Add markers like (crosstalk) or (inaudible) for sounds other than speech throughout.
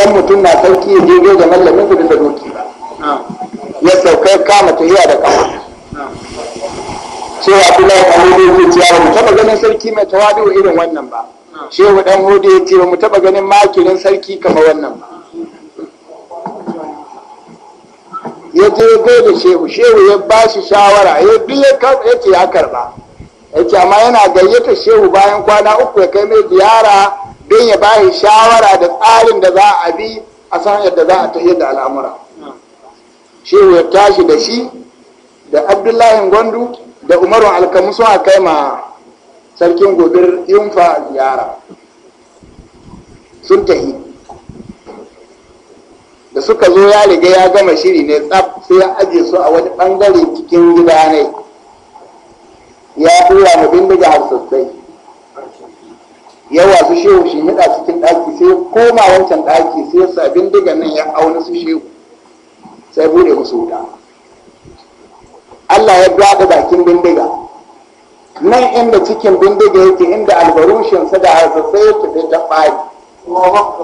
dan mutum na sauki ya je da mallamin su da doki ba ya saukai kama iya da kama cewa Abdullahi Kamilu ya ce ya mu taba ganin sarki mai tawadu irin wannan ba shehu dan hudu ya ce ba mu taba ganin makirin sarki kama wannan ba ya je ya da shehu shehu ya ba shi shawara ya bi ya ce ya karba ya ce amma yana gayyata shehu bayan kwana uku ya kai mai ziyara don ya bayi shawara da tsarin da za a bi a san yadda za a tafiyar da al'amura shehu ya tashi da shi da abdullahi gwandu da umaru alkamu sun kai ma sarkin gobir yunfa ziyara sun tahi da suka zo ya riga ya gama shiri ne tsaf sai ya aje su a wani bangare cikin gida ne ya tura mu bindiga har sosai Yawa su shehu shi nika cikin ɗaki sai koma wancan ɗaki sai sabin diga nan ya auna su shehu sai bude musu wuta Allah ya bada bakin bindiga nan inda cikin bindiga yake inda albarushinsa da harsassai ya tafi ta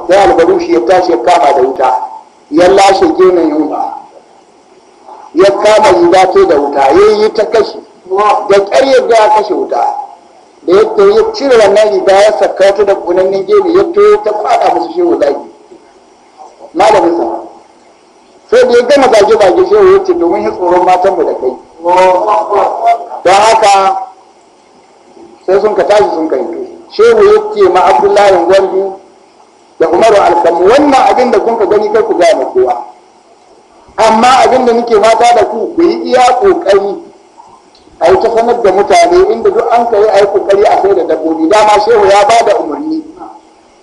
sai albarushi ya tashi ya kama da wuta ya lashe ginin yunwa ya kama riga da wuta ya yi ta kashe da ƙarya da kashe wuta Eh, da yake ya cire wannan riga ya saka ta da kunannen gebe ya to ta fada musu shehu zagi malamin sa sai da ya gama zage zage shehu ya ce domin ya tsoron matan mu da kai don haka sai sun ka tashi sun kai shehu ya ce ma abdullahi gwandu da umaru alkamu wannan abin da kun ka gani kar ku gane kowa amma abin da nake mata da ku ku yi iya kokari a yi ta sanar da mutane inda duk an kai a yi kokari a sai da dabbobi dama shehu ya ba da umarni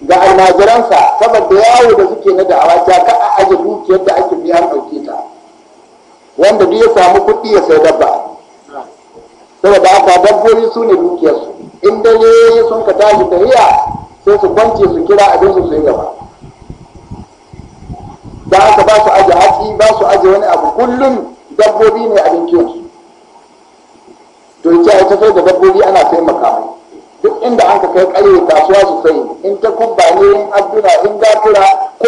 ga almajiransa saboda yawo da suke na da'awa ta ka a aje dukiyar da ake biya a ɗauke ta wanda duk ya samu kuɗi ya sai dabba saboda haka dabbobi su ne dukiyarsu in dare sun ka tashi tahiya sai su kwance su kira abin su su gaba da haka ba su aje hatsi ba su aje wani abu kullum dabbobi ne abin kiwonsu to ya tafi da dabbobi ana taimaka mai duk inda an ka kai karye kasuwa su sai in ta kubba ne in abdura in gatura ko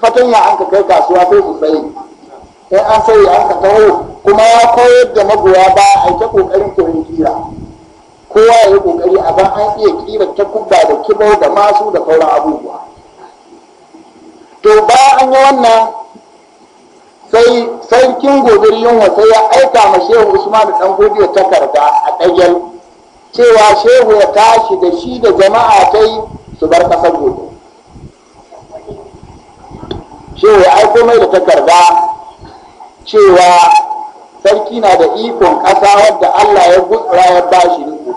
fatanya an ka kai kasuwa sai su sai in an sai an ka taho kuma ya koyar da magoya ba a yi ta ƙoƙarin koyon kira kowa ya yi ƙoƙari a ban an iya kira ta kubba da kibo da masu da sauran abubuwa to ba an yi wannan sai cikin gobir yunwa sai ya aika ma shehu usman dan godiya takarda a ɗagyal cewa shehu ya tashi da shi da jama'a kai su bar ƙasar gobe shehu ya aiko mai da takarda cewa sarki na da ikon ƙasa wadda allah ya gutsura ya ba shi riko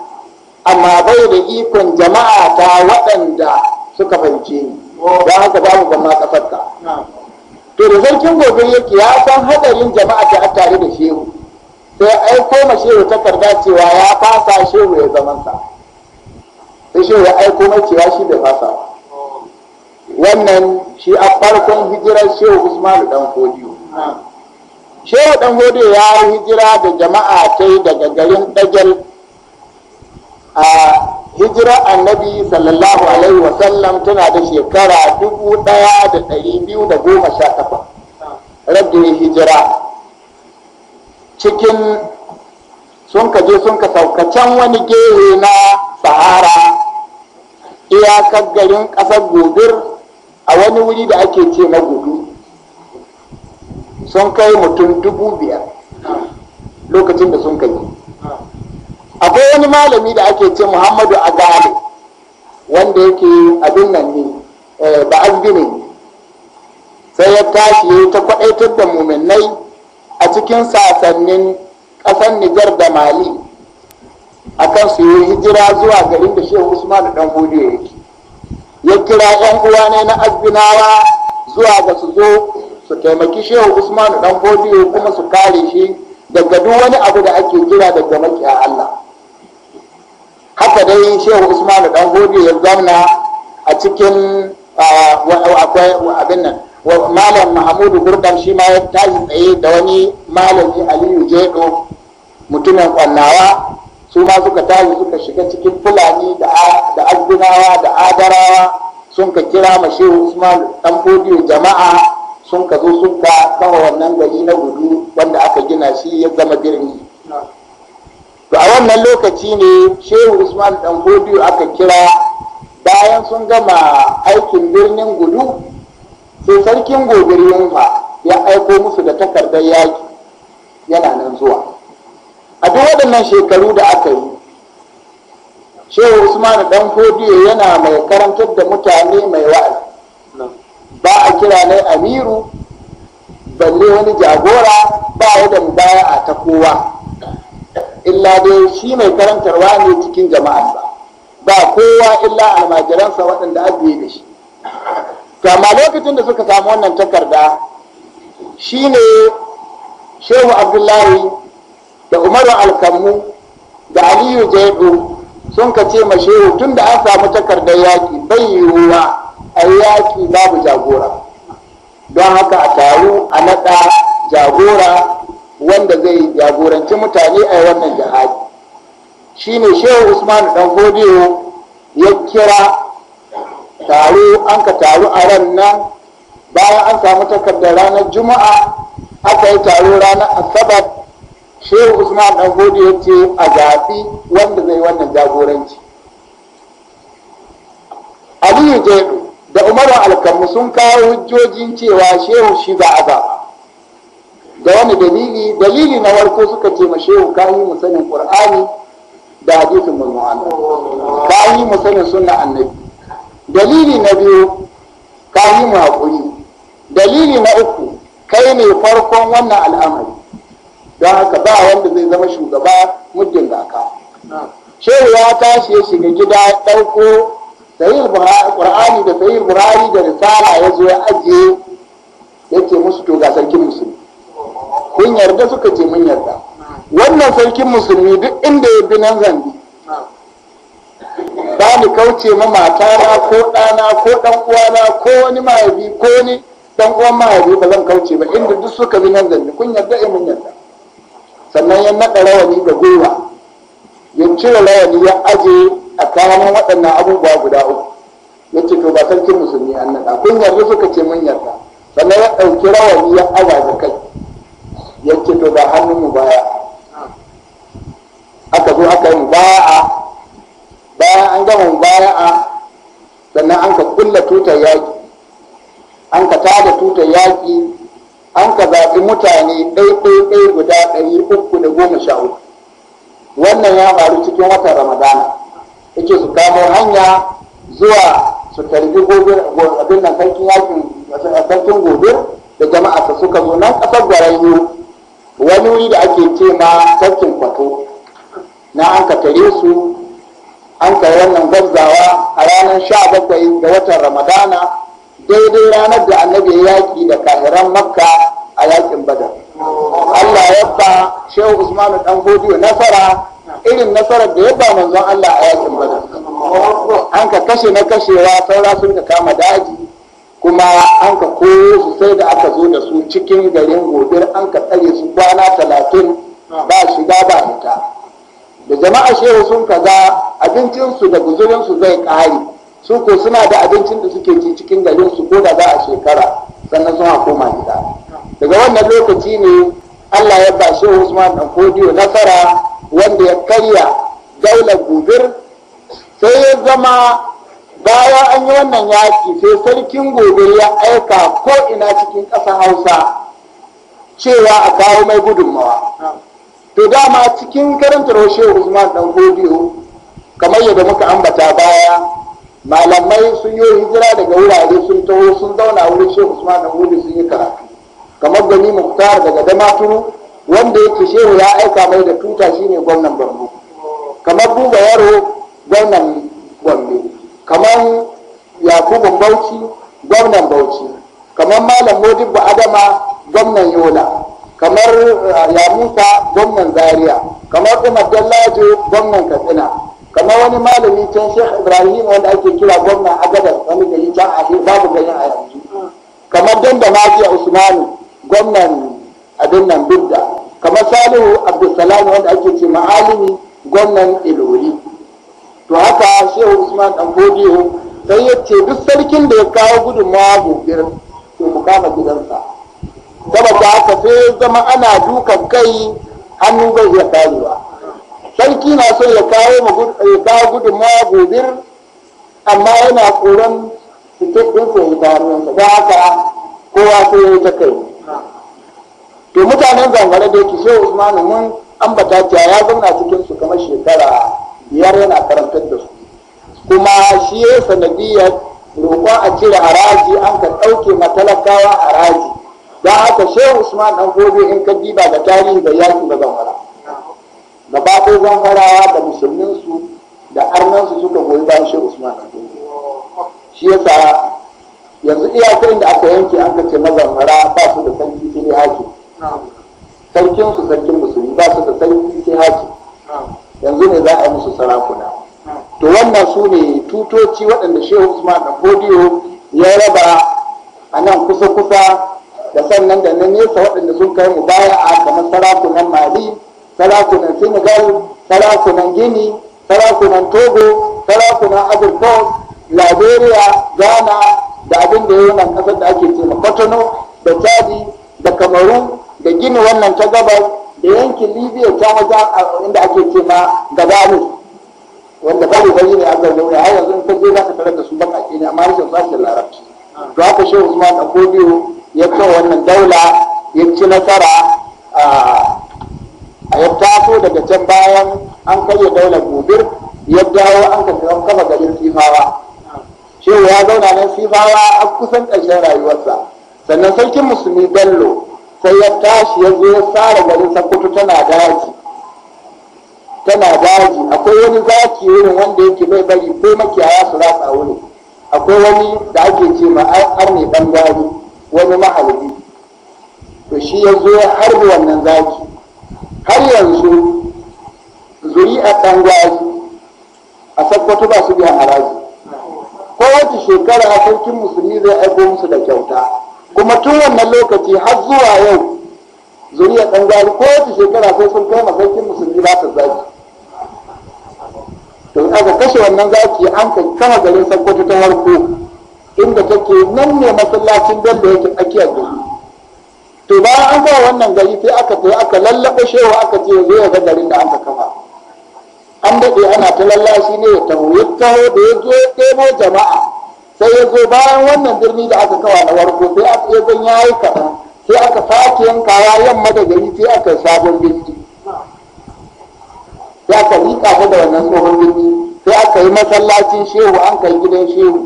amma bai da ikon jama'a ta waɗanda suka fahimce ni don haka ba mu gama ƙasarka to da sarkin gobe yake ya san hadarin jama'a ta tare da shehu sai aiko ma shehu takarda cewa ya fasa shehu ya sa sai shehu ya aiko mai cewa shi bai fasa wannan shi a farkon hijirar shehu usmanu dan fodiyo shehu dan fodiyo ya hijira da jama'a ta daga garin dajal a hijira annabi sallallahu alaihi sallam tana da shekara dubu ɗaya da ɗari biyu da goma sha takwas rabin hijira cikin sun ka je sun ka can wani gehe na sahara iyakar garin ƙasar gobir a wani wuri da ake ce na gudu sun kai mutum dubu biyar lokacin da sun kai akwai wani malami da ake ce muhammadu agale wanda yake abin nan ne eh, ba gini sai ya tashi ya ta kwadaitar da muminai a cikin sasannin ƙasar nijar da mali akan su yi hijira zuwa garin da shehu usman dan hudu yake ya kira yan uwa ne na azbinawa zuwa ga su zo su taimaki shehu usman dan hudu kuma su kare shi daga duk wani abu da ake kira daga makiya allah haka dai shehu usman da gode ya zamna a cikin akwai abin nan malam mahamudu Gurgan shi ma ya tashi tsaye da wani malami aliyu jedo mutumin kwannawa su ma suka tashi suka shiga cikin fulani da azginawa da adarawa sun ka kira ma shehu usman dan gode jama'a sun ka zo sun ka wannan gari na gudu wanda aka gina shi ya zama birni a wannan lokaci ne shehu usman dan hudu aka kira bayan sun gama aikin birnin gudu sai sarkin gobirin yunfa ya aiko musu da takardar yaki yana nan zuwa a duk waɗannan shekaru da aka yi shehu usman dan hudu yana mai karantar da mutane mai wa'azi ba a kira ne amiru balle wani jagora ba da mubaya'a ta kowa illa dai shi mai karantarwa ne cikin jama'arsa ba kowa illa almajiransa waɗanda ajiye da shi to amma lokacin da suka samu wannan takarda shi ne shehu abdullahi da umaru alkammu da aliyu jaidu sun ka ce Shehu, tun da an samu takardar yaƙi bai yiwuwa a yaƙi babu jagora don haka a taru a naɗa jagora wanda zai jagoranci mutane a wannan jihadi shine shehu usman dan godiyo ya kira taro an ka taru a ran nan bayan an samu takardar ranar juma'a aka yi taro ranar asabar shehu usman dan godiyo ce a zaɓi wanda zai wannan jagoranci aliyu jebu da umaru alkamu sun kawo hujjojin cewa shehu shi ba a ba da wani dalili dalili na warko suka ce mashehu ka yi mu sanin qur'ani da hadisin mulmu'an ka yi mu sanin sunna annabi dalili na biyu ka yi mu haƙuri dalili na uku kai ne farkon wannan al'amari don haka ba wanda zai zama shugaba muddin gaka shehu ya tashi ya shiga gida ɗauko sahih qur'ani da sahih burari da risala ya zo ya ajiye yake musu to ga sarkin musulmi kun yarda suka ce mun yarda wannan sarkin musulmi duk inda ya bi nan zan bi ba ni kauce ma matana ko ɗana ko ɗan uwana ko wani mahaifi ko wani ɗan uwan mahaifi ba zan kauce ba inda duk suka bi nan zan bi kun yarda ya eh, mun yarda sannan ya naɗa rawani da gwiwa ya cire rawani ya aje a kayan waɗannan abubuwa guda uku ya ce to ba sarkin musulmi an naɗa kun yarda suka ce mun yarda sannan ya ɗauki rawani ya aza da kai yake to ba hannun mu baya aka zo aka yi ba'a bayan an gama baya'a sannan an ka kulla tutar yaƙi an ka tada tutar yaƙi an ka zaɓi mutane ɗaiɗaiɗai guda ɗari uku da goma sha uku wannan ya faru cikin watan ramadana yake su kamo hanya zuwa su tarbi abin nan sarkin yakin sarkin gobir da jama'a suka zo nan ƙasar gwarayyo wani wuri da ake ce ma sarkin kwato na an ka tare su an kai wannan gwabzawa a ranar sha bakwai ga watan ramadana daidai ranar da annabi ya yaƙi da kahiran makka a yaƙin badar allah ya ba shehu usmanu dan godiyo nasara irin nasarar da ya ba manzon allah a yaƙin badar an ka kashe na kashewa saura sun ka kama daji kuma an ka koyo su sai da aka zo da su cikin garin gobir an ka tsare su kwana talatin ba shiga ba fita da jama'a shehu sun kaza abincinsu da guzurinsu zai ƙare su ko suna da abincin da suke ci cikin garin su ko da za a shekara sannan suna koma gida daga wannan lokaci ne allah ya ba shehu usman dan nasara wanda ya karya daular gobir sai ya zama bayan an yi wannan yaƙi sai sarkin gobe ya aika ko ina cikin ƙasar hausa cewa a kawo mai gudunmawa to dama cikin karanta roshe usman dan godiyo kamar yadda muka ambata baya malamai sun yi hijira daga wurare sun taho sun zauna wurin shehu usman dan godiyo sun yi karatu kamar gani muktar daga damaturu wanda yake shehu ya aika mai da tuta shine gwamnan borno kamar buga yaro gwamnan gombe kamar Yakubu bauchi gwamnan bauchi kamar malam modibba adama gwamnan yola kamar eh, yamusa gwamnan Zariya. kamar umar dallajo gwamnan katsina kamar wani malami can sheikh ibrahim wanda ake kira gwamnan agadar wani gari can a babu garin a yanzu kamar danda mafiya usmanu gwamnan abin nan bidda kamar salihu abdulsalam wanda ake ce ma'alimi gwamnan ilori to haka shehu usman dan godiyo sai ya ce duk sarkin da ya kawo gudunmawa gobir to mu kama gidansa saboda haka sai zama ana dukan kai hannu zai iya karewa sarki na so ya kawo ya kawo gudunmawa gobir amma yana tsoron fitaɗinsa ya taruwansa don haka kowa sai ya ta kai to mutanen zangare da yake shehu usman mun ambata ya zauna cikin su kamar shekara biyar yana karantar da su kuma shi ya sanadiyar roƙon a cire haraji an ka ɗauke matalakawa haraji don haka shehu usman dan gobe in ka diba da tarihi da yaƙi da zamfara da ɗaya zamfarawa da musulminsu da arnansu suka goyi bayan shehu usman dan gobe shi ya sa yanzu iyakarin da aka yanke an ka ce na ba su da sarki sai dai haki sarkin su sarkin musulmi ba su da sarki sai haki yanzu ne za a yi musu sarakuna to wannan su ne tutoci waɗanda shehu usman da godiyo ya raba a nan kusa-kusa da sannan da na nesa waɗanda sun kai mu baya a kamar sarakunan mali sarakunan senegal sarakunan gini sarakunan togo sarakunan agricoles liberia ghana da abin da yau nan ƙasar da ake ce da da chadi da kamaru da gini wannan ta gabas yankin yanke libya ta a inda ake ce ma gano wanda gano bayi ne an zaune har yanzu in ka je za ka tarar da su baƙaƙe ne amma rashin sashen larabci to haka shehu usman biyu ya ce wannan daula ya ci nasara a ya taso daga can bayan an karya daular gobir ya dawo an ka sayan kafa garin sifawa shehu ya zauna nan sifawa a kusan ƙarshen rayuwarsa sannan sarkin musulmi bello sai ya tashi ya zo ya tsara garin sakoto tana daji tana daji akwai wani zaki wurin wanda yake mai bari ko makiyaya su ratsa wurin akwai wani da ake ce ma an mai bangare wani mahalbi to shi ya zo ya wannan zaki har yanzu zuri a bangare a sakkwato ba su biyan haraji kowace shekara sarkin musulmi zai aiko musu da kyauta kuma tun wannan lokaci har zuwa yau zuriya ɗan gari ko wace shekara sai sun kai masaukin musulmi ba ta zaki to in aka kashe wannan zaki an kai kama garin sakkwato ta harko, inda take nan ne masallacin da yake tsakiyar gari to bayan an kawo wannan gari sai aka tafi aka lallaɓa shewa aka ce zo ya ga garin da an ka kafa an daɗe ana ta lallashi ne ya taho ya taho da ya zo ɗebo jama'a sai ya zo bayan wannan birni da aka kawa na warko sai aka ya zan ya yi kaɗan sai aka sake yankawa yamma da gari sai aka sabon birni sai aka riƙa mu da wannan tsohon birni sai aka yi masallacin shehu an kai gidan shehu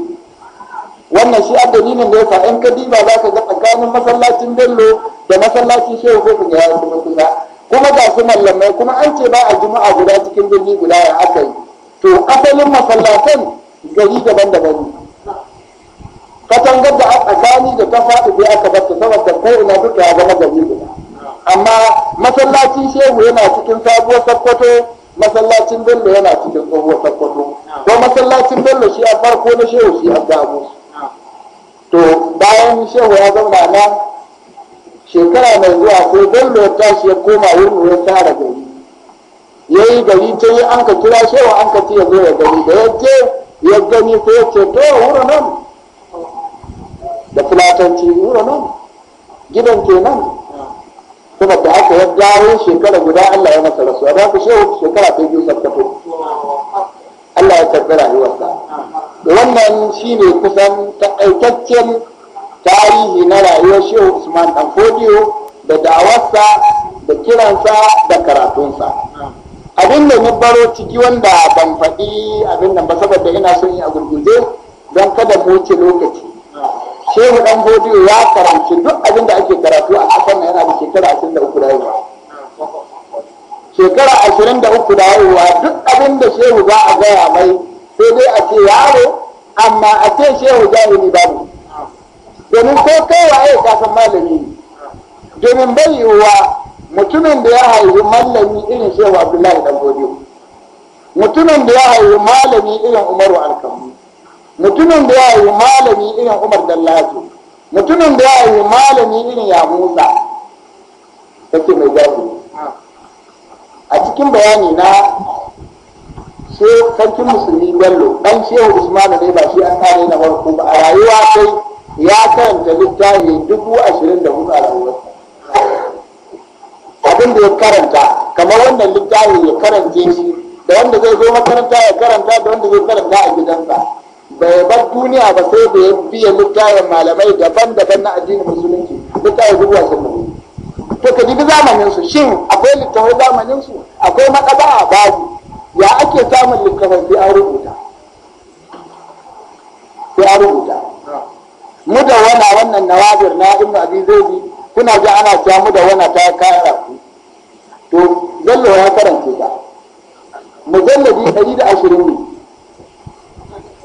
wannan shi aka dalilin da ya sa in ka diba za ka ga tsakanin masallacin bello da masallacin shehu ko ka ga ya kuma kusa kuma ga su mallamai kuma an ce ba a juma'a guda cikin birni guda ya aka yi to asalin masallatan gari daban-daban ne katangar da aka gani da ta faɗi bai aka batta saboda ko ina duka ya zama gari guda amma masallacin shehu yana cikin sabuwar sakkwato masallacin bello yana cikin tsohuwar sakkwato ko masallacin bello shi a farko na shehu shi a gabo to bayan shehu ya zama nan shekara mai zuwa sai bello ya tashi ya koma wurin ya tara gari ya yi gari ta yi an ka kira shehu an ka ce ya zo ya gari da ya ya gani sai ya ce to wura nan da fulatanci wura nan gidan kenan saboda aka ya gano shekara guda Allah ya masa rasu a ku shehu shekara ta biyu sarkato Allah ya karɓi rayuwarsa wannan shine kusan takaitaccen tarihi na rayuwar shehu usman dan da da'awarsa da kiransa da karatunsa abin da ni baro ciki wanda ban faɗi abin nan ba saboda ina son yi a gurguje don kada mu wuce lokaci shehu dan gobe ya karanci duk abin da ake karatu a ƙasar na yana da shekara ashirin da uku da yawa shekara ashirin da uku da yawa duk abin da shehu za a gaya mai sai dai a ce yaro amma a ce shehu jahili babu domin ko kai waye kasan malami ne domin bai yiwuwa mutumin da ya haihu mallami irin shehu abdullahi dan godiyo mutumin da ya haihu malami irin umaru alkamu mutumin da ya haihu malami irin umar dallatu mutumin da ya haihu malami irin ya musa ce mai jafi a cikin bayani na sarkin musulmi bello dan shehu usmanu ne ba shi an kare na farko ba a rayuwa sai ya karanta littafi dubu ashirin da hudu a rayuwarsa abin da ya karanta kamar wannan littafin ya karance shi da wanda zai zo makaranta ya karanta da wanda zai karanta a gidansa bai bar duniya ba sai da ya biya littafin malamai daban-daban na addinin musulunci littafin dubu ashirin to ka jibi zamanin su shin akwai littafin zamanin su akwai a babu ya ake samun littafin sai an rubuta sai an rubuta mu da wannan wannan nawabir na ibnu abi zaidi kuna ji ana kyamu da wani ta kara ku to bello ya karanta ta mujalladi ɗari da ashirin ne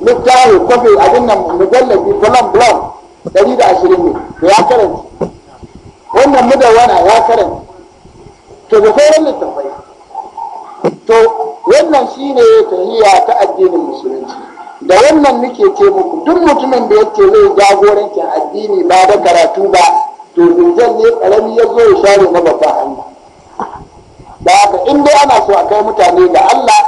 littafi kwafi abin nan mujalladi kolon blog ɗari da ashirin ne to ya karanta wannan mudawana ya karanta to da sauran littafai to wannan shine tahiya ta addinin musulunci da wannan nake ce muku duk mutumin da yake zai jagorancin addini ba da karatu ba to zinjan ne karami ya zo ya share na babba hanya da haka in dai ana so a kai mutane ga Allah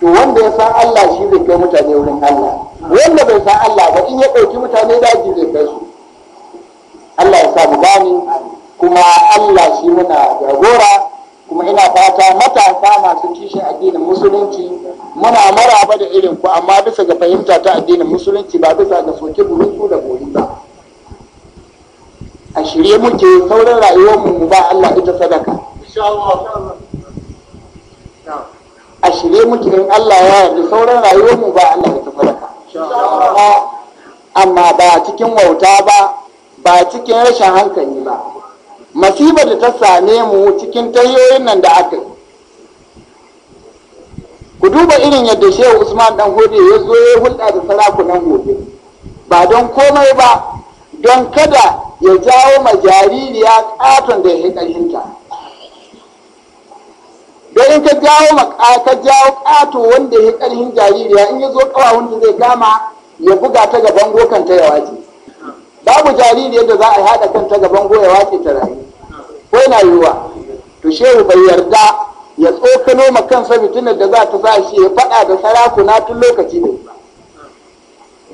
to wanda ya san Allah shi zai kai mutane wurin Allah wanda bai san Allah ba in ya ɗauki mutane ji zai kai su Allah ya sa mu gani kuma Allah shi muna jagora kuma ina fata matasa masu kishi addinin musulunci muna maraba da irin ku amma bisa ga fahimta ta addinin musulunci ba bisa ga soke burutu da bori ba a shirye muke sauran rayuwar mu ba Allah ita sadaka a shirye muke in Allah ya yarda sauran rayuwar mu ba Allah ita sadaka amma ba cikin wauta ba ba cikin rashin hankali ba masibar da ta same mu cikin tayoyin nan da aka yi ku duba irin yadda shehu usman dan hode ya zo ya hulɗa da sarakunan gobe ba don komai ba don kada ya jawo ma jaririya katon da ya yi ƙarhinta da in ka jawo ma ka jawo kato wanda ya yi ƙarhin jaririya in ya zo ƙawa wanda zai gama ya buga ta gaban gokan ta ya wace babu jaririyar da za a haɗa kanta gaban goya wace ta rayu ko yana yiwuwa to shehu bai yarda ya tsokano ma kansa fitinar da za ta sa shi ya faɗa da sarakuna tun lokaci ne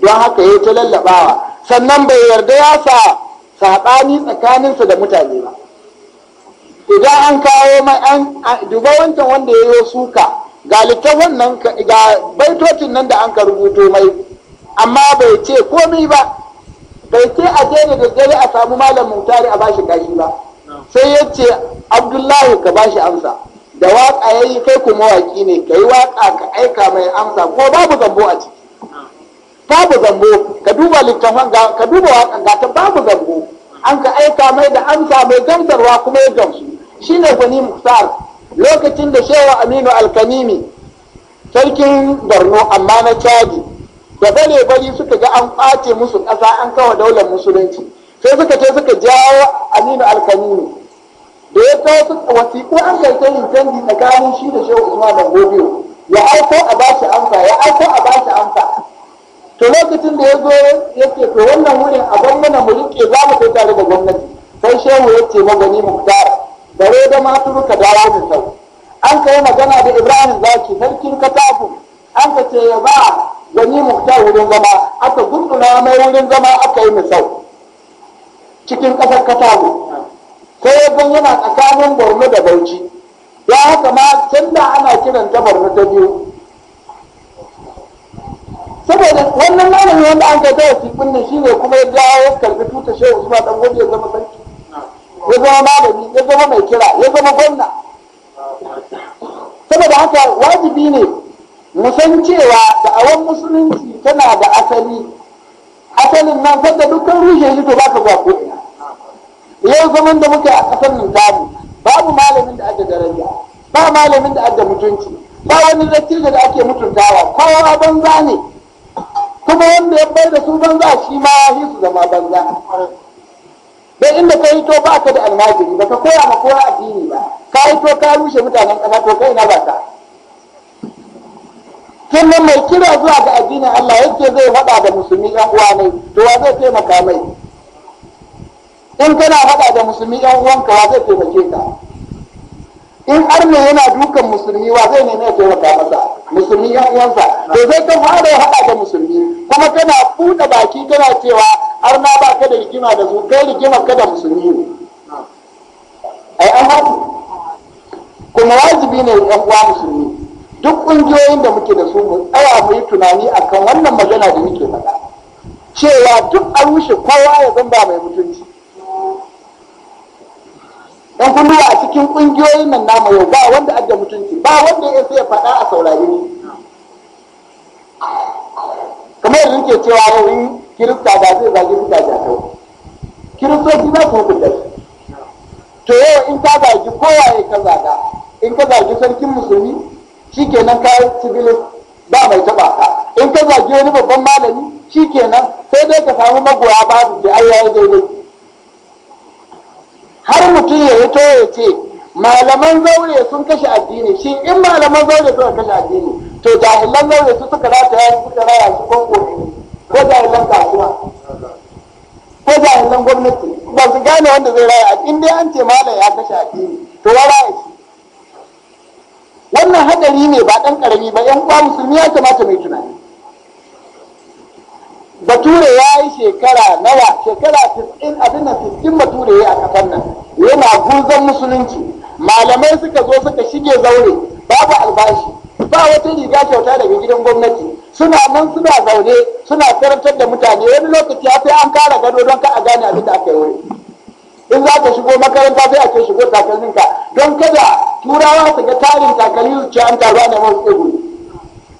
don haka ya ta lallaɓawa, sannan bai yarda ya sa saɓani tsakaninsu da mutane ba idan an kawo mai an duba wancan wanda ya yi suka ga littafin nan ga baitocin nan da an ka rubuto mai amma bai ce komai ba bai ce a je da daddare a samu malam mutari a bashi kashi ba sai ya ce abdullahi ka bashi amsa da waƙa ya yi kai kuma waƙi ne ka yi waƙa ka aika mai amsa ko babu gambo a ciki babu zango ka duba littafan ka duba waƙan ta babu zango an ka aika mai da amsa mai gamsarwa kuma ya gamsu shi ne gwani muktar lokacin da shewa aminu alkanimi sarkin borno amma na chadi da bane bari suka ga an kwace musu ƙasa an kawo daular musulunci sai suka ce suka jawo aminu alkanimi da ya kawo wasiƙu an kai ta canji tsakanin shi da shehu usman da gobe ya aiko a bashi amsa ya aiko a bashi amsa to lokacin da ya zo ya ce to wannan wurin a gwamnati mu rike za mu kai tare da gwamnati sai shehu ya ce magani mu bare da matu ka dawo da sau an kai magana da ibrahim zaki sarkin katafu an ka ce ya ba gani muktar wurin zama aka gundula mai wurin zama aka yi misau cikin ƙasar katafu sai ya gan yana tsakanin borno da bauchi ya haka ma can da ana kiran ta borno ta biyu saboda wannan malami wanda an ga taya sifin nan shine kuma ya dawo ya karbi tuta shehu usman dan gobe ya zama sarki ya zama malami ya zama mai kira ya zama gwamna saboda haka wajibi ne mu san cewa da da'awar musulunci tana da asali asalin nan sanda dukkan rushe shi to ba ka zuwa Ya ina yau zaman da muke a ƙasar nan tamu babu malamin da aka daraja ba malamin da aka mutunci ba wani dattijo da ake mutuntawa kowa banza ne kuma wanda ya bai da su banza shi ma ya su zama banza dan inda ka yi tofa ba da almajiri ba ka koya ma kowa addini ba ka yi to ka rushe mutanen kasa to kai na ba ka kinnan mai kira zuwa ga addinin Allah yake zai faɗa da musulmi ɗan uwa ne to wa zai taimaka mai in kana faɗa da musulmi ɗan uwanka wa zai taimake ka in ne yana dukan musulmi wa zai nemi ya taimaka masa musulmi yan uwansa to zai ta fara haɗa da musulmi kuma tana buɗe baki tana cewa har na ba ka da rigima da su kai rigima ka da musulmi ne ai an kuma wajibi ne yan uwa musulmi duk ƙungiyoyin da muke da su mu tsaya mu yi tunani akan wannan magana da muke faɗa cewa duk an rushe kowa ya zan mai mutunci yan kunduwa a cikin kungiyoyin nan namu yau ba wanda adda mutunci ba wanda ya sai faɗa a saurari ni kamar yanzu ke cewa yau kirista ba zai zagi mutane jakau kiristoci za su hukunta shi to yau in ka zagi kowaye ka zaga in ka zagi sarkin musulmi shikenan ka civilis ba mai taba ka in ka zagi wani babban malami shikenan sai dai ka samu magoya babu da ayyaye daidai har mutum ya hito ya ce malaman zaure sun kashe addini shi in malaman zaure suka kashe addini to jahilan zaure su suka ya su suka raya su kongo ko jahilan kasuwa ko jahilan gwamnati ba su gane wanda zai raya in dai an ce malam ya kashe addini to wa raya shi wannan hadari ne ba dan karami ba yan uwa musulmi ya kamata mai tunani bature ya yi shekara nawa shekara 90 abin da 60 bature ya yi a kasar nan yana guzon musulunci malamai suka zo suka shige zaure babu albashi ba wata riga kyauta daga gidan gwamnati suna nan suna zaune suna karantar da mutane wani lokaci ya fi an kara gado don ka a gane abin da aka yi wuri in za ka shigo makaranta sai a ce shigo takalminka don kada turawa su ga tarin takalmi su ce an taruwa da masu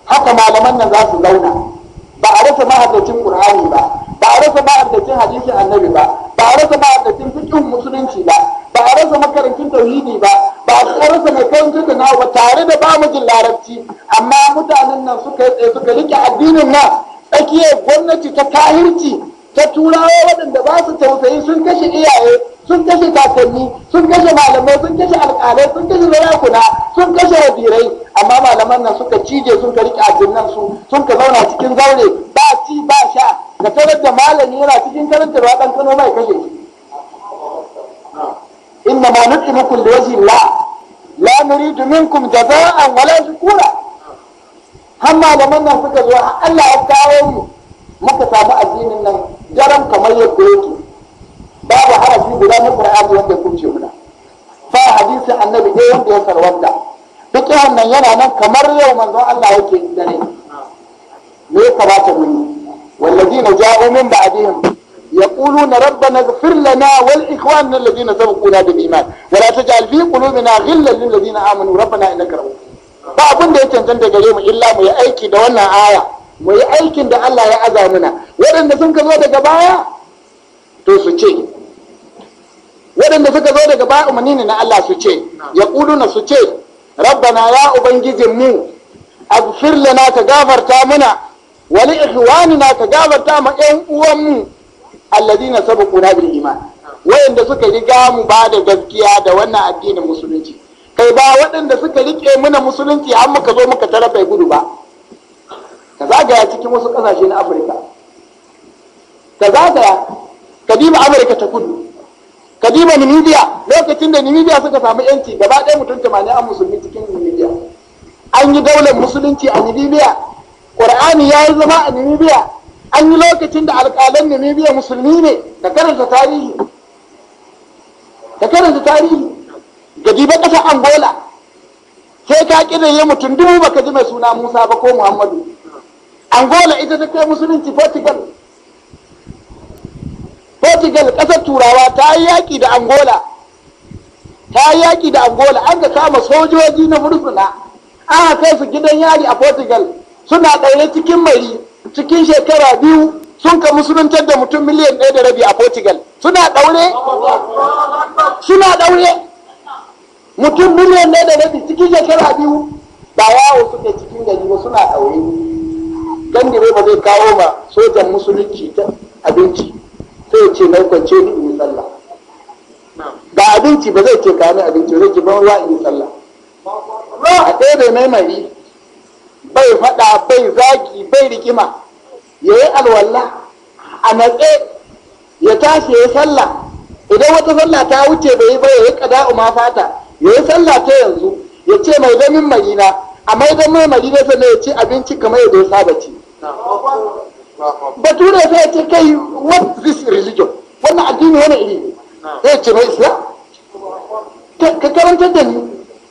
haka malaman nan za su zauna ba a rasa mahaddacin qur'ani ba ba a rasa mahaddacin hadisin annabi ba ba a rasa mahaddacin fiqhin musulunci ba ba a rasa makarantun tauhidi ba ba a rasa mai karantin na ba tare da ba mu jin larabci amma mutanen nan suka yi suka rike addinin nan tsakiyar gwamnati ta kahirci ta turawa waɗanda ba su tausayi sun kashe iyaye sun kashe kakanni sun kashe malamai sun kashe alƙalai sun kashe sarakuna sun kashe rabirai amma malaman nan suka cije sun ka rike addinan su sun ka zauna cikin zaure ba ci ba sha da tarar da malami yana cikin karanta ruwa ɗan kano mai kashe inna ma nutimukum li wajhi la la nuridu minkum jaza'an wala shi kura. har malaman nan suka zo Allah ya kawo mu muka samu addinin nan jaram kamar yadda yake babu harafi guda na qur'ani wanda ya kuce muna fa hadisin annabi dai wanda ya sarwanta duk wannan yana nan kamar yau manzon Allah yake dare me ya kamata mu yi والذين جاءوا من بعدهم يقولون ربنا اغفر لنا ولاخواننا الذين سبقونا بالايمان ولا تجعل في قلوبنا غلا للذين امنوا ربنا انك رؤوف ba abin da ya cancanta gare mu illa mu yi aiki da wannan aya mu yi aikin da Allah ya aza mana waɗanda sun ka zo daga baya to su ce waɗanda suka zo daga baya umarni ne na Allah su ce ya na su ce rabbana ya ubangijin mu As-Firla lana ka gafarta muna wani na ka gafarta ma 'yan uwan mu saba kuna bil iman waɗanda suka riga mu ba da gaskiya da wannan addinin musulunci kai ba waɗanda suka riƙe muna musulunci an muka zo muka tara bai gudu ba ka zagaya cikin wasu ƙasashe na afirka ka zagaya ka bi amurka ta kudu kadima namibia lokacin da namibia suka samu yanci gaba ɗaya mutum tamanin an musulmi cikin namibia an yi daular musulunci a namibia ƙur'ani ya yi zama a namibia an yi lokacin da alƙalan namibia musulmi ne ka karanta tarihi ka karanta tarihi ga diba ƙasar angola sai ka yi mutum dubu baka ji mai suna musa ba ko muhammadu angola ita ta kai musulunci portugal portugal ƙasar turawa ta yi yaƙi da angola ta yi yaƙi da angola an ka kama sojoji na mursuna an kai su gidan yari a portugal suna ɗaure cikin mari cikin shekara biyu sun ka musuluntar da mutum miliyan ɗaya da rabi a portugal suna ɗaure suna ɗaure mutum miliyan ɗaya da rabi cikin shekara biyu ba yawo suke cikin gari ba suna ɗaure dan ba zai kawo ma sojan musulunci ta abinci sai ce na kwance ni in yi sallah ba abinci ba zai ce ka ni abinci zai ce ban ruwa in yi sallah a ɗaya mai mari bai faɗa bai zaki bai rikima ya yi alwallah a natse ya tashi ya yi sallah idan wata sallah ta wuce bai yi ba ya yi ƙada'u ma fata ya yi sallah ta yanzu ya ce mai damin marina a mai damin marina sannan ya ce abinci kamar yadda ya saba ci bature sai ce kai what this religion wannan addini wani iri ne ce mai islam ka karanta da ni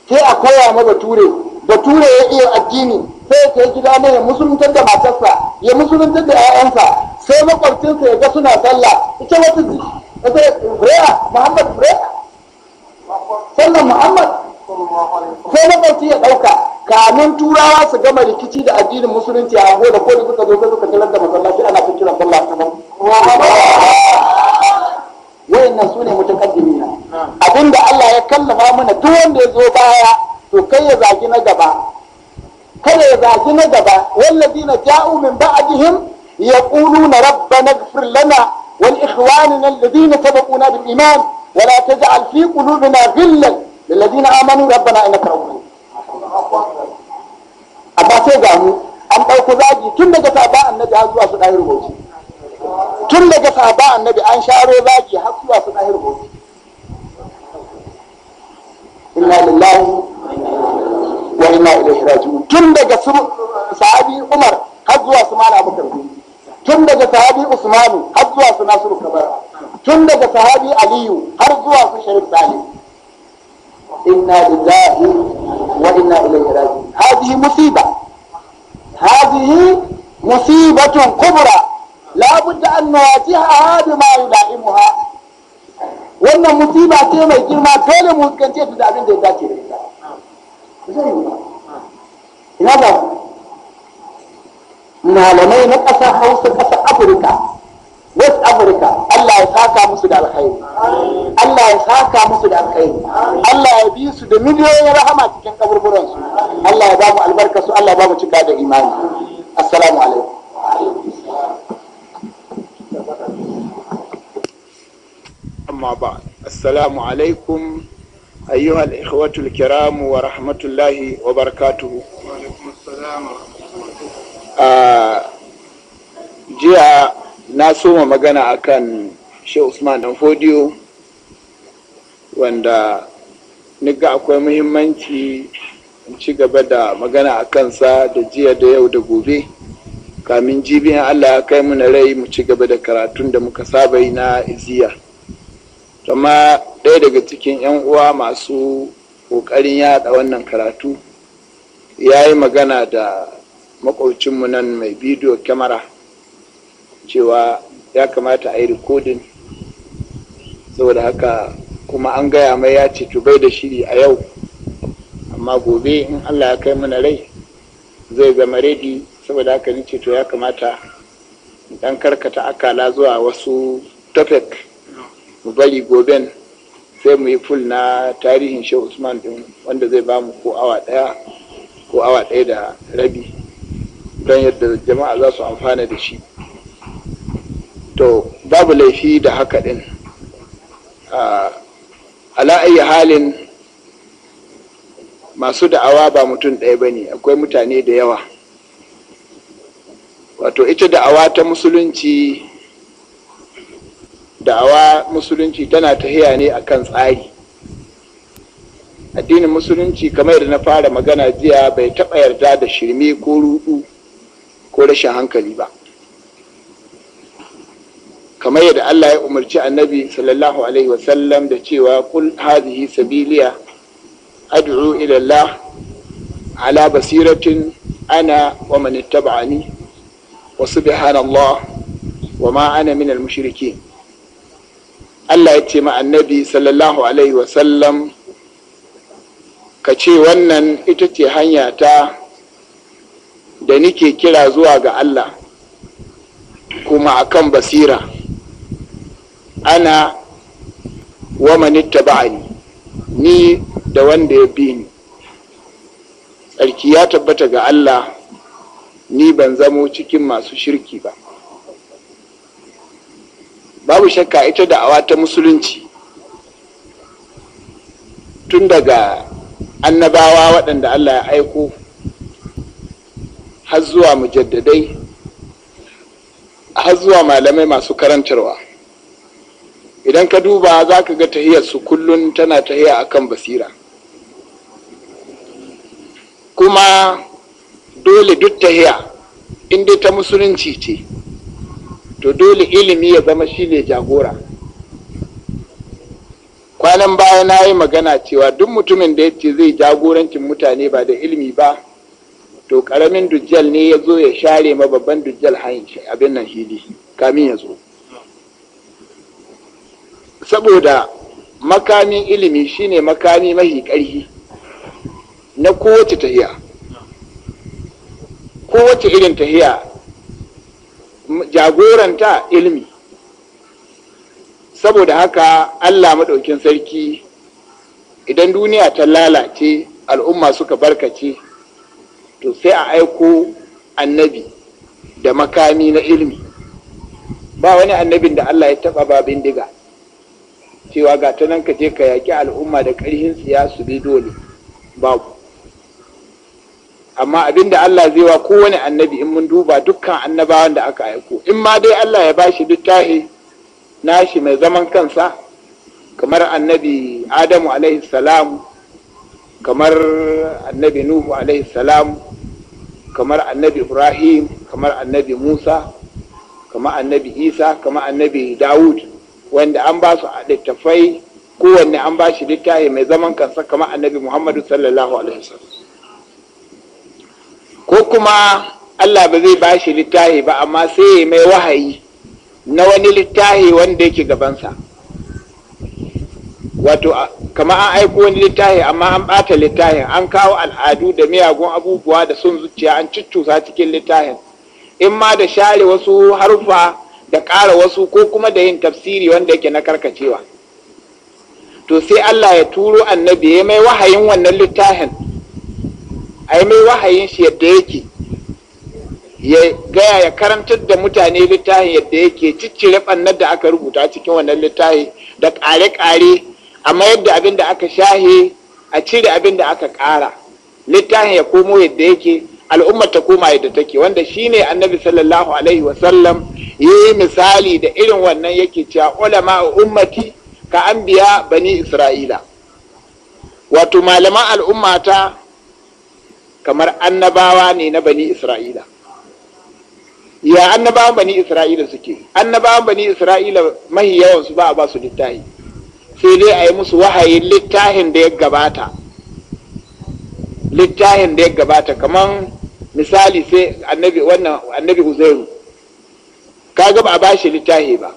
sai a koya ma bature bature ya iya addini sai ya gida ne ya musuluntar da matarsa ya musulunta da 'ya'yansa sai makwabcinsa ya ga suna sallah ita wata ita Muhammad Breya sallan Muhammad sai mafarki ya ɗauka kamin turawa su gama rikici da addinin musulunci a hango da kodin suka zo sai suka tarar da masallaci ana fi kiran sallah ta nan wayannan su ne mutakaddimi na abinda Allah ya kallafa mana duk wanda ya zo baya to kai ya zagi na gaba kada ya zagi na gaba wallazina ja'u min ba'dihim yaquluna rabbana ighfir lana wal ikhwanina alladhina sabaquna bil iman ولا تجعل في قلوبنا غلا lillazina amanu rabbana innaka rahim amma sai ga mu an ɗauko zagi tun daga sahaba annabi har zuwa su ɗahir bauchi tun daga sahaba annabi an sharo zagi har zuwa su ɗahir bauchi inna lillahi wa inna ilaihi raji'un tun daga sahabi umar har zuwa su mala abubakar tun daga sahabi usmanu har zuwa su nasiru kabara tun daga sahabi aliyu har zuwa su sharif salim انا لله وانا اليه راجعون هذه مصيبه هذه مصيبه كبرى لا بد ان نواجهها بما يلائمها وان مصيبه تيما كلمة كلمة ممكن تيجي تدعي ما الداخل لماذا؟ من عالمين قصا حوصة قصا افريقيا West Africa Allah ya saka musu da alkhairi Allah ya saka musu da alkhairi Allah ya bi su da miliyoyin rahama cikin kaburburan su Allah ya ba mu albarka su Allah ya ba mu cika da imani assalamu alaikum amma ba assalamu alaikum ayyuha al-ikhwatu al-kiram wa rahmatullahi wa barakatuh wa alaikum assalam wa na soma magana akan shi usman dan fodiyo wanda niga akwai muhimmanci in ci gaba da magana a kansa da jiya da yau da gobe kamin jibin allah ya kai na rai mu ci gaba da karatun da muka saba yi na iziya amma ɗaya daga cikin 'yan uwa masu ƙoƙarin yada wannan karatu ya yi magana da makwabcinmu nan mai bidiyo kyamara cewa ya kamata a yi rikodin saboda haka kuma an gaya mai ya ce to bai da shiri a yau amma gobe in allah ya kai mana rai zai zama redi saboda haka ni ce to ya kamata dan karkata akala zuwa wasu topic mu bari goben sai mu yi full na tarihin shi usman din wanda zai bamu ko awa daya ko awa daya da rabi don yadda jama'a za su amfana da shi to babu laifi da haka din ala ayi halin masu da'awa ba mutum ɗaya ba ne akwai mutane da yawa wato ita da'awa ta musulunci da'awa musulunci tana tahiya ne a kan tsari addinin musulunci kamar yadda na fara magana jiya bai taɓa yarda da shirme ko ruɗu ko rashin hankali ba kamar yadda Allah ya umarci annabi sallallahu alaihi wasallam da cewa kul hadhihi sabiliya ad'u ila Allah ala basiratin ana wa man ittaba'ani wa subhanallah wa ma ana min al mushrikin Allah ya ce ma annabi sallallahu alaihi wasallam ka ce wannan ita ce hanya ta da nike kira zuwa ga Allah kuma akan basira ana wa manitta ba'ani ni da wanda ya bi ni tsarki ya tabbata ga Allah ni ban zamo cikin masu shirki ba babu shakka ita da'awa ta musulunci tun daga annabawa waɗanda Allah ya aiko har zuwa mujaddadai har zuwa malamai masu karantarwa idan ka duba za ka ga su kullum tana tahiya akan basira kuma dole duk tahiya in dai ta musulunci ce to dole ilimi ya zama shi ne jagora kwanan baya na yi magana cewa duk mutumin da ya ce zai jagorancin mutane ba da ilimi ba to karamin dujjal ne ya zo ya share ma babban dujjal abin nan hili kamin ya zo saboda makamin ilimi shine makami mahi ƙarfi na kowace tahiya kowace irin tahiya jagoranta ilimi saboda haka allah maɗaukin sarki idan duniya ta lalace al'umma suka barkace to sai a aiko annabi da makami na ilimi ba wani annabin da allah ya taɓa ba bindiga. cewa ga ta nan ka je ka yaƙi al'umma da ƙarhin siyasu su bi dole babu amma abin Allah zai wa kowane annabi in mun duba dukkan annabawan da aka aiko in ma dai Allah ya bashi littahi nashi mai zaman kansa kamar annabi Adamu alaihi salam kamar annabi Nuhu alaihi salam kamar annabi Ibrahim kamar annabi Musa kamar annabi Isa kamar annabi Dawud wanda an ba su littafai kowanne an ba shi littafi mai zaman kansa kamar annabi muhammadu sallallahu alaihi ko kuma allah ba zai ba shi littafi ba amma sai ya mai wahayi na wani littafi wanda yake gabansa wato kama an aiko wani littafi amma an bata littafin an kawo al'adu da miyagun abubuwa da sun zuciya an cuccusa cikin littafin in ma da share wasu harufa da ƙara wasu ko kuma da yin tafsiri wanda yake na karkacewa to sai Allah ya turo annabi ya mai wahayin wannan littafin a yi mai wahayin shi yadda yake ya gaya ya karantar da mutane littafin yadda yake ciccire ɓannar da aka rubuta cikin wannan littafin da ƙare-ƙare amma yadda abin da aka shahe a cire abin da aka ƙara littafin ya komo yadda yake al'ummar ta koma yadda take wanda shine annabi sallallahu alaihi wasallam yi misali da irin wannan yake cewa ulama ummati ka an biya bani isra'ila wato malaman al'ummata kamar annabawa ne na bani isra'ila ya annabawan bani isra'ila suke annabawan bani isra'ila mahi yawan su ba a ba su littahi sai dai a yi musu wahayin littahin da ya gabata littahin da ya gabata kamar misali sai annabi wannan annabi uzairu kaga ba a ba shi littafi ba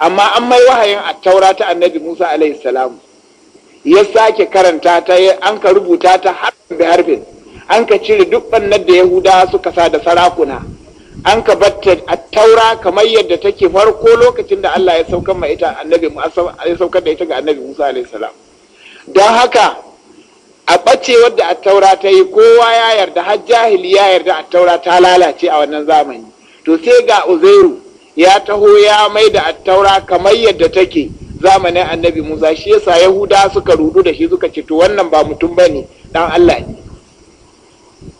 amma an mai wahayin attaura ta annabi musa alaihi salamu ya sake karanta ta an ka rubuta ta harfin da harfin an ka cire duk bannan da yahuda suka sa da sarakuna an ka batta attaura kamar yadda take farko lokacin da allah ya saukar da ita ga annabi musa alaihi salam don haka a ɓace wadda attaura ta yi kowa ya yarda har jahili ya yarda attaura ta lalace a wannan zamani to sai ga uzairu ya taho ya mai da attaura kamar yadda take zamanin annabi musa shi yasa yahuda suka rudu da shi suka ce to wannan ba mutum ba ne dan allah ne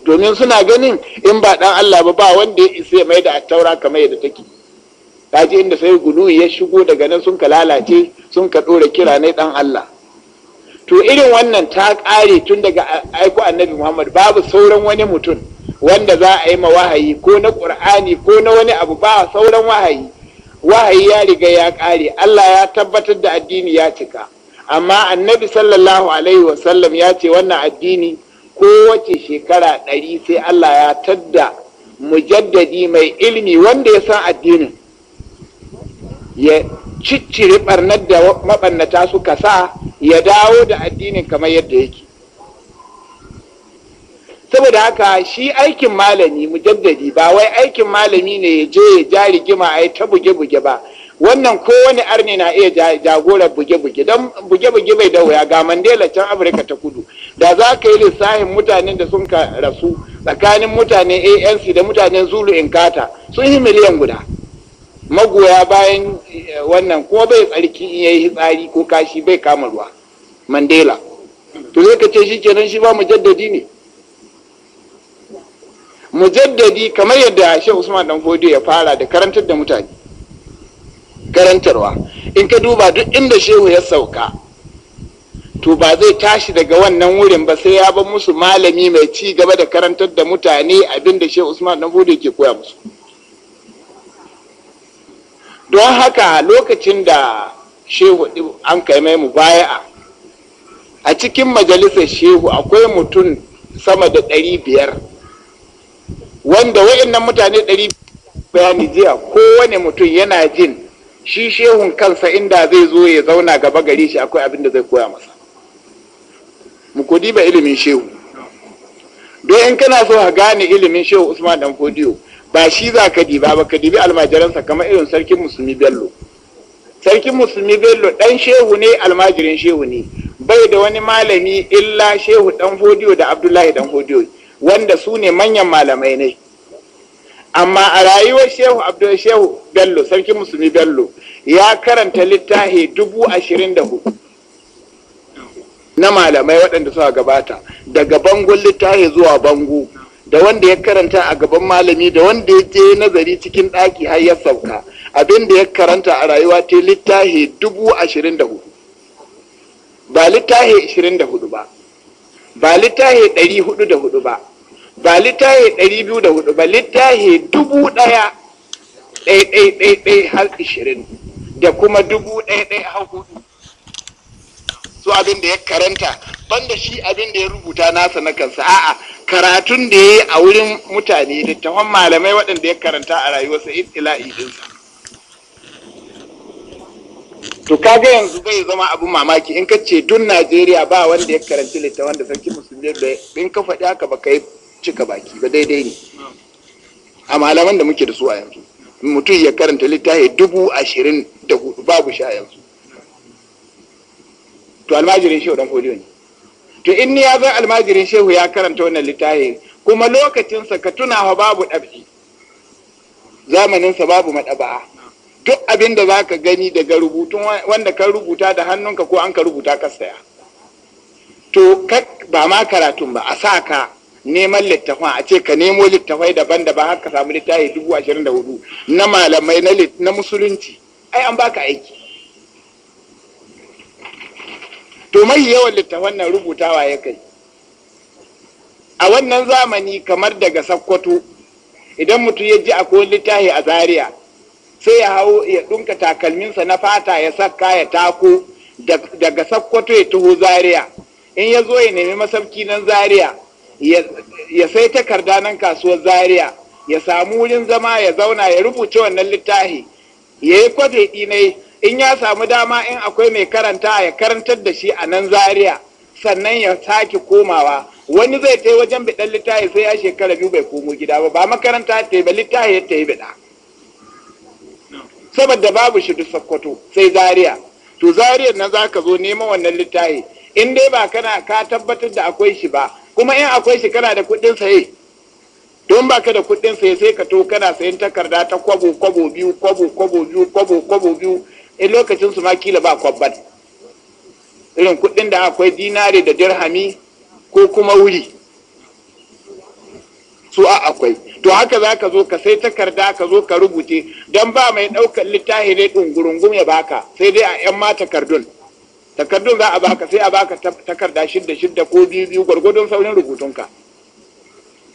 domin suna ganin in ba dan allah ba ba wanda ya isa ya mai da attaura kamar yadda take kaji inda sai gulu ya shigo daga nan sun ka lalace sun ka ɗora kira ne dan allah to irin wannan ta kare tun daga aiko annabi muhammad babu sauran wani mutum wanda za a yi ma wahayi ko na ƙur'ani ko na wani abu ba sauran wahayi wahayi ya riga ya ƙare Allah ya tabbatar da addini ya cika amma annabi sallallahu alaihi wasallam ya ce wannan addini ko wace shekara ɗari sai Allah ya tadda mujaddadi mai ilimi wanda ya san addinin ya ciccire ɓarnar da mabannata suka sa ya dawo da addinin kamar yadda yake saboda haka shi aikin malami mujaddadi ba wai aikin malami ne ya je ya ja rigima a ta buge-buge ba wannan kowane arni na iya jagorar buge-buge don buge-buge bai da wuya ga mandela can afirka ta kudu da za ka yi lissahin mutanen da sun ka rasu tsakanin mutanen anc da mutanen zulu in kata, sun yi miliyan guda magoya bayan eh, wannan ko bai tsarki in yi tsari ko kashi bai kama ruwa mandela to zai ka ce shi kenan shi ba mu jaddadi ne mujaddadi kamar yadda shehu usman dan fodi ya fara da karantar da mutane karantarwa in ka duba duk inda shehu ya sauka to ba zai tashi daga wannan wurin ba sai ya bar musu malami mai ci gaba da karantar da mutane abinda shehu usman dan fodi ke koya musu don haka lokacin da shehu an kai mai baya a cikin majalisar shehu akwai mutum sama da ɗari biyar wanda wa'annan mutane ɗari bayani jiya kowane mutum yana jin shi shehun kansa inda zai zo ya zauna gaba gari shi akwai abin da zai koya masa mu ba ilimin shehu don in kana so ka gane ilimin shehu usman dan fodiyo ba shi za ka diba ba ka dibi almajiransa kamar irin sarkin musulmi bello sarkin musulmi bello ɗan shehu ne almajirin shehu ne bai da wani malami illa shehu dan fodiyo da abdullahi dan fodiyo wanda su ne manyan malamai ne amma a rayuwar shehu abdul shehu bello sarki musulmi bello ya karanta littafi dubu ashirin da hudu na malamai waɗanda suka gabata daga bangon littafi zuwa bango da wanda ya karanta a gaban malami da wanda ya je nazari cikin ɗaki har ya sauka abin da ya karanta a rayuwa ta littafi dubu ashirin da hudu ba littafi ashirin da hudu ba ba littafi ɗari hudu da hudu ba ba littahi ɗari biyu da hudu ba littahi dubu ɗaya ɗaiɗaiɗaiɗai har ishirin da kuma dubu ɗaiɗai har hudu su abin da ya karanta banda shi abin da ya rubuta nasa na kansa a'a karatun da ya yi a wurin mutane littafan malamai waɗanda ya karanta a rayuwarsa ila ɗinsa to kaga yanzu zai zama abin mamaki in ka ce tun najeriya ba wanda ya karanci littafan da sarki musulmi da in ka faɗi haka ba ka yi cika baki ba daidai ne a malaman da muke da su a yanzu mutum ya karanta littafi dubu ashirin da hudu babu sha yanzu to almajirin shehu dan fodiyo ne to in ni ya zan almajirin shehu ya karanta wannan littafi kuma lokacinsa ka tuna babu ɗab'i zamaninsa babu maɗaba'a duk abin da za ka gani daga rubutun wanda ka rubuta da hannunka ko an ka rubuta ka saya to ba ma karatun ba a sa ka neman littafan a ce ka nemo littafai daban-daban har samu littafi dubu ashirin da hudu na malamai na musulunci ai an baka aiki to mai yawan littafan nan rubutawa ya kai a wannan zamani kamar daga sakkwato idan mutum ya ji akwai littafi a zaria sai ya hau ya dunka takalminsa na fata ya saka ya tako daga sakkwato ya taho zaria in ya zo ya nemi masauki nan Zariya. ya sai takarda nan kasuwar zaria ya samu wurin zama ya zauna ya rubuce wannan littafi ya yi kwafi ne in ya samu dama in akwai mai karanta ya karantar da shi a nan zaria sannan ya sake komawa wani zai ta wajen biɗan littafi sai ya shekara biyu bai komo gida ba ba makaranta ta yi ba littafi ta yi biɗa saboda babu shi duk sakkwato sai Zariya, to zariyar nan za ka zo neman wannan littafi in dai ba kana ka tabbatar da akwai shi ba kuma in akwai shi kana da kuɗin saye don baka da kuɗin saye sai ka to kana sayan takarda ta kwabo kwabo biyu kwabo kwabo biyu kwabo kwabo biyu in lokacin su ma kila ba kwabban irin kuɗin da akwai dinari da dirhami ko kuma wuri su a akwai to haka za ka zo ka sai takarda ka zo ka rubuce don ba mai ɗaukar littafi ne ɗungurungun ya baka sai dai a 'yan ma takardun takardun za a baka sai a baka takarda shidda shidda ko biyu biyu gwargwadon saurin rubutunka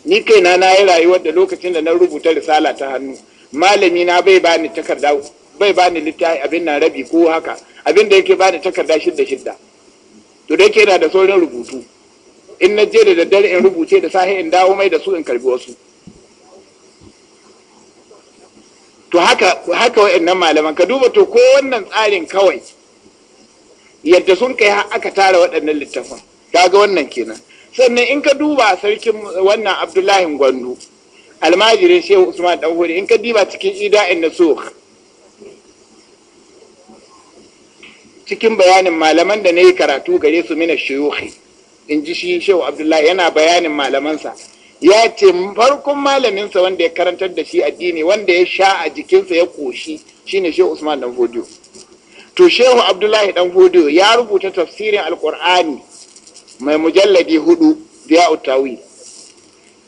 ni kaina na yi rayuwar da lokacin da na rubuta risala ta hannu malami na bai bani takarda bai bani littafi abin na rabi ko haka abin da yake bani takarda shidda shidda to da yake yana da saurin rubutu in na je da daddare in rubuce da sahi in dawo mai da su in karbi wasu to haka haka wa'annan malaman ka duba to ko wannan tsarin kawai yadda sun kai aka tara waɗannan littafan kaga wannan kenan sannan in ka duba sarkin wannan abdullahi gwandu almajirin shehu usman ɗanhuri in ka diba cikin ida'in na cikin bayanin malaman da na yi karatu gare su mina shuyuhi in ji shi shehu abdullahi yana bayanin malamansa ya ce farkon malaminsa wanda ya karantar da shi addini wanda ya sha a jikinsa ya koshi shine shehu usman dan fodiyo to shehu abdullahi dan hudu ya rubuta tafsirin alkur'ani mai mujalladi hudu biya utawi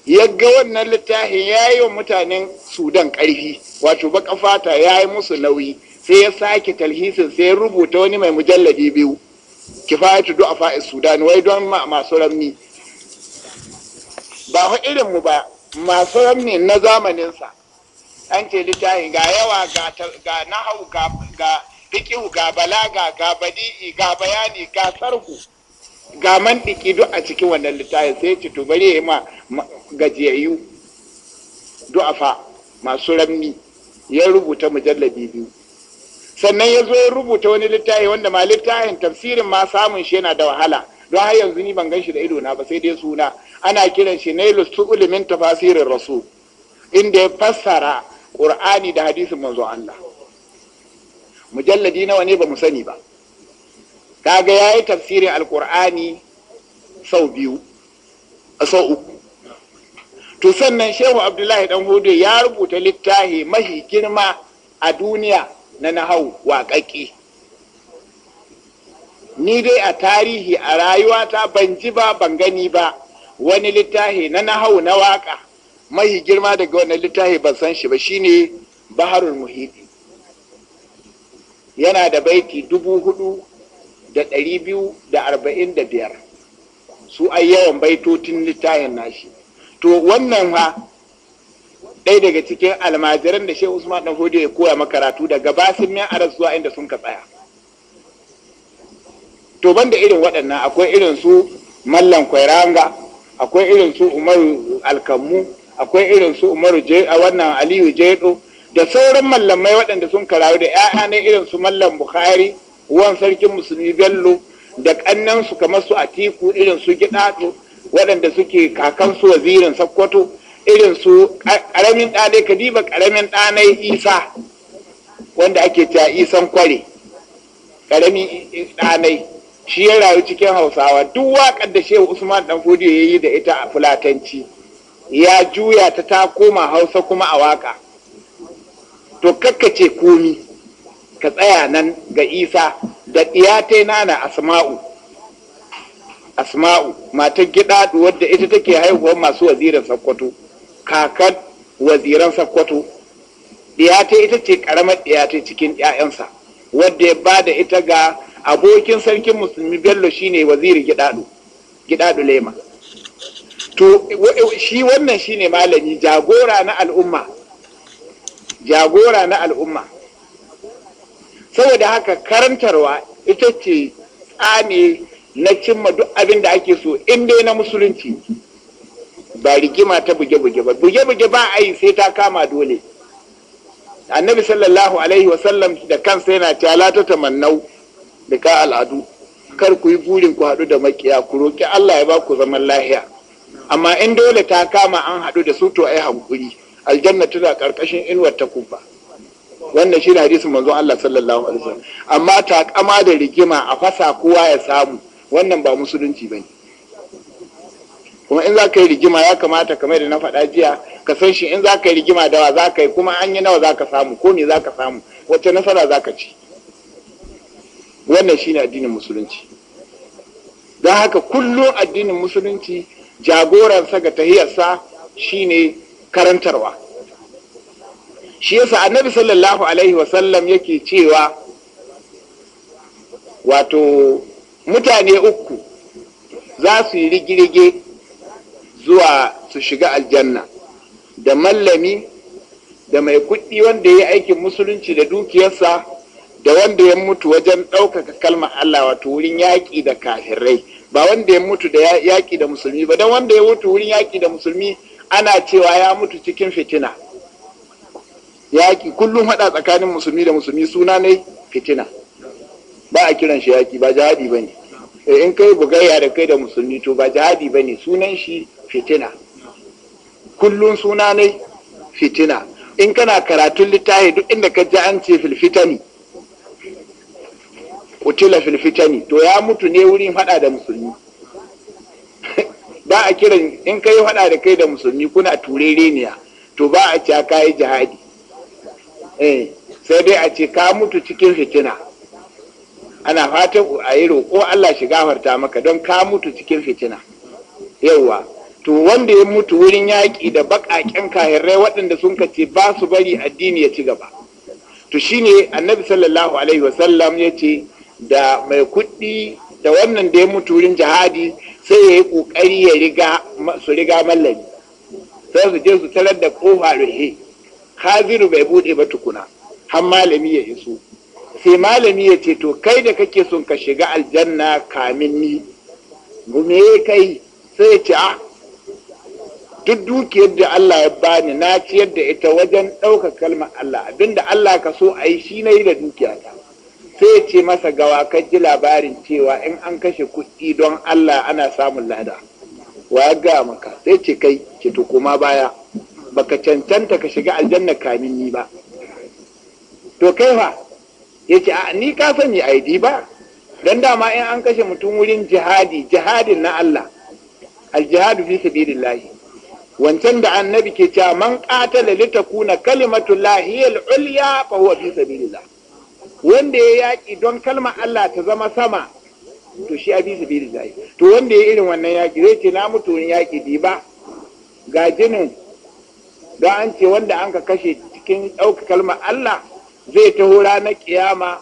ya ga wannan littafin ya yi wa mutanen sudan karfi wato baka fata ya yi musu nauyi sai ya sake talhisin sai ya rubuta wani mai mujalladi biyu kifayatu du'a fa'is sudan wai don masu ramni ba hu irin mu ba masu ramni na zamaninsa an ce littafin ga yawa ga nahau ga fiqhu ga balaga ga badi'i ga bayani ga sarhu ga man duk a cikin wannan littafin sai ci to bari yayi ma gajiyayyu du'afa masu rammi ya rubuta mujallabi biyu sannan ya zo ya rubuta wani littafi wanda ma littafin tafsirin ma samun shi yana da wahala don har yanzu ni ban gan shi da ido na ba sai dai suna ana kiran shi nailus tu ulumin tafasirin rasul inda ya fassara qur'ani da hadisin manzo Allah mujalladi nawa ne ba mu sani ba kaga ya yi tafsirin alkur'ani sau biyu a sau uku to sannan shehu abdullahi dan hudu ya rubuta littafi mahi girma a duniya na nahau wakaki. ni dai a tarihi a rayuwata ban ji ba ban gani ba wani littafi na nahau na waƙa mahi girma daga wani littafi ban san shi ba shine baharul muhiti yana da baiti dubu hudu da ɗari biyu da arba'in da biyar su ayi yawan baitotin littafin nashi to wannan ha ɗaya daga cikin almajiran da shehu usman dan hodo ya koya makaratu daga basin min aras zuwa inda sun ka tsaya to banda irin waɗannan akwai irin su mallan kwairanga akwai irin su umaru alkammu akwai irin su umaru wannan aliyu jedo da sauran mallamai waɗanda sun karayu da 'ya'ya ne irin su mallam bukhari wan sarkin musulmi bello da ƙannansu kamar su atiku irin su gidatu waɗanda suke kakansu wazirin sakkwato irin su ƙaramin ɗanai kadiba ƙaramin ɗanai isa wanda ake cewa isan kware ƙaramin ɗanai shi ya rayu cikin hausawa duk waƙar da shehu usman dan fodiyo ya yi da ita a fulatanci ya juya ta ta koma hausa kuma a waƙa to kakkace komi ka tsaya nan ga isa da ɗiyatai nana asma'u asma'u matar gida wadda ita take haihuwar masu waziran sakkwato kakan waziran sakkwato ɗiyatai ita ce ƙaramar ɗiyatai cikin ƴaƴansa. wadda ya ba da ita ga abokin sarkin musulmi bello shine waziri gidaɗo gidaɗo lema to shi wannan shine malami jagora na al'umma jagora na al'umma saboda haka karantarwa ita ce tsane na cimma duk abin da ake so in dai na musulunci ba rigima ta buge-buge ba buge-buge ba a yi sai ta kama dole annabi sallallahu alaihi wasallam da kansa yana cewa ta tamannau da ka al'adu kar ku yi burin ku haɗu da makiya ku roƙi Allah ya ba ku zaman lahiya amma in dole ta kama an haɗu da su to ai hankuri aljanna tana karkashin inuwar takuba wannan shi ne hadisin manzon Allah sallallahu alaihi wasallam amma ta takama da rigima a fasa kowa ya samu wannan ba musulunci bane kuma in za ka yi rigima ya kamata kamar da na faɗa jiya ka san shi in za ka yi rigima da wa za ka yi kuma an yi nawa za ka samu ko me za ka samu wacce nasara za ka ci wannan shi ne addinin musulunci don haka kullum addinin musulunci jagoransa ga tahiyarsa shine karantarwa shi yasa annabi sallallahu alaihi wasallam yake cewa wato mutane uku za su yi rigirge zuwa su shiga aljanna da mallami da mai kuɗi wanda ya yi aikin musulunci da dukiyarsa da wanda ya mutu wajen ɗaukaka kalmar Allah wato wurin yaƙi da kafirai ba wanda ya mutu da yaƙi da musulmi ba don wanda ya mutu wurin yaƙi da musulmi ana cewa ya mutu cikin fitina yaƙi kullum haɗa tsakanin musulmi da musulmi suna ne fitina ba a kiran shi yaƙi ba jihadi ba ne eh, in kai bugayya da kai da musulmi to ba jihadi ba ne sunan shi fitina kullum suna ne fitina in kana karatun littafi duk inda ka ji an ce filfitani utila filfitani to ya mutu ne wurin haɗa da musulmi (laughs) ba a kiran in kai hada da kai da musulmi kuna turereniya to ba a ce ka yi jihadi eh sai dai a ce ka mutu cikin fitina ana fatan a yi roƙo Allah shi gafarta maka don ka mutu cikin fitina yauwa to wanda ya mutu wurin yaƙi da baƙaƙen kahirrai waɗanda sun ka ce ba su bari addini ya ci gaba to shine annabi sallallahu alaihi wasallam ya ce da mai kuɗi da wannan da ya mutu wurin jihadi sai ya yi ƙoƙari ya riga su riga mallami sai su je su tarar da ƙofa ruhe haziru bai bude ba tukuna har malami ya iso sai malami ya ce to kai da kake son ka shiga aljanna kamin ni me kai sai ya ce a ah, duk dukiyar da Allah ya bani na ciyar da ita wajen ɗaukar kalmar Allah abinda Allah ka so a yi shi na yi da dukiyata sai ce masa gawa ka ji labarin cewa in an kashe kuɗi don Allah ana samun lada wa ya gaya maka sai ce kai ce to baya baka cancanta ka shiga aljanna kamin ni ba to kai fa ya ce ni ka sani aidi ba don dama in an kashe mutum wurin jihadi jihadin na Allah aljihadu fi sabilillahi wancan da annabi ke cewa man qatala litakuna kalimatu lahiyal ulya fa huwa fi sabilillah wanda ya yaƙi don kalmar Allah ta zama sama to shi a bisa biyu zai to wanda ya irin wannan yaƙi zai ce na mutu wani yaƙi biyu ba ga jinin ga an ce wanda an ka kashe cikin ɗauka kalmar Allah zai taho ranar ƙiyama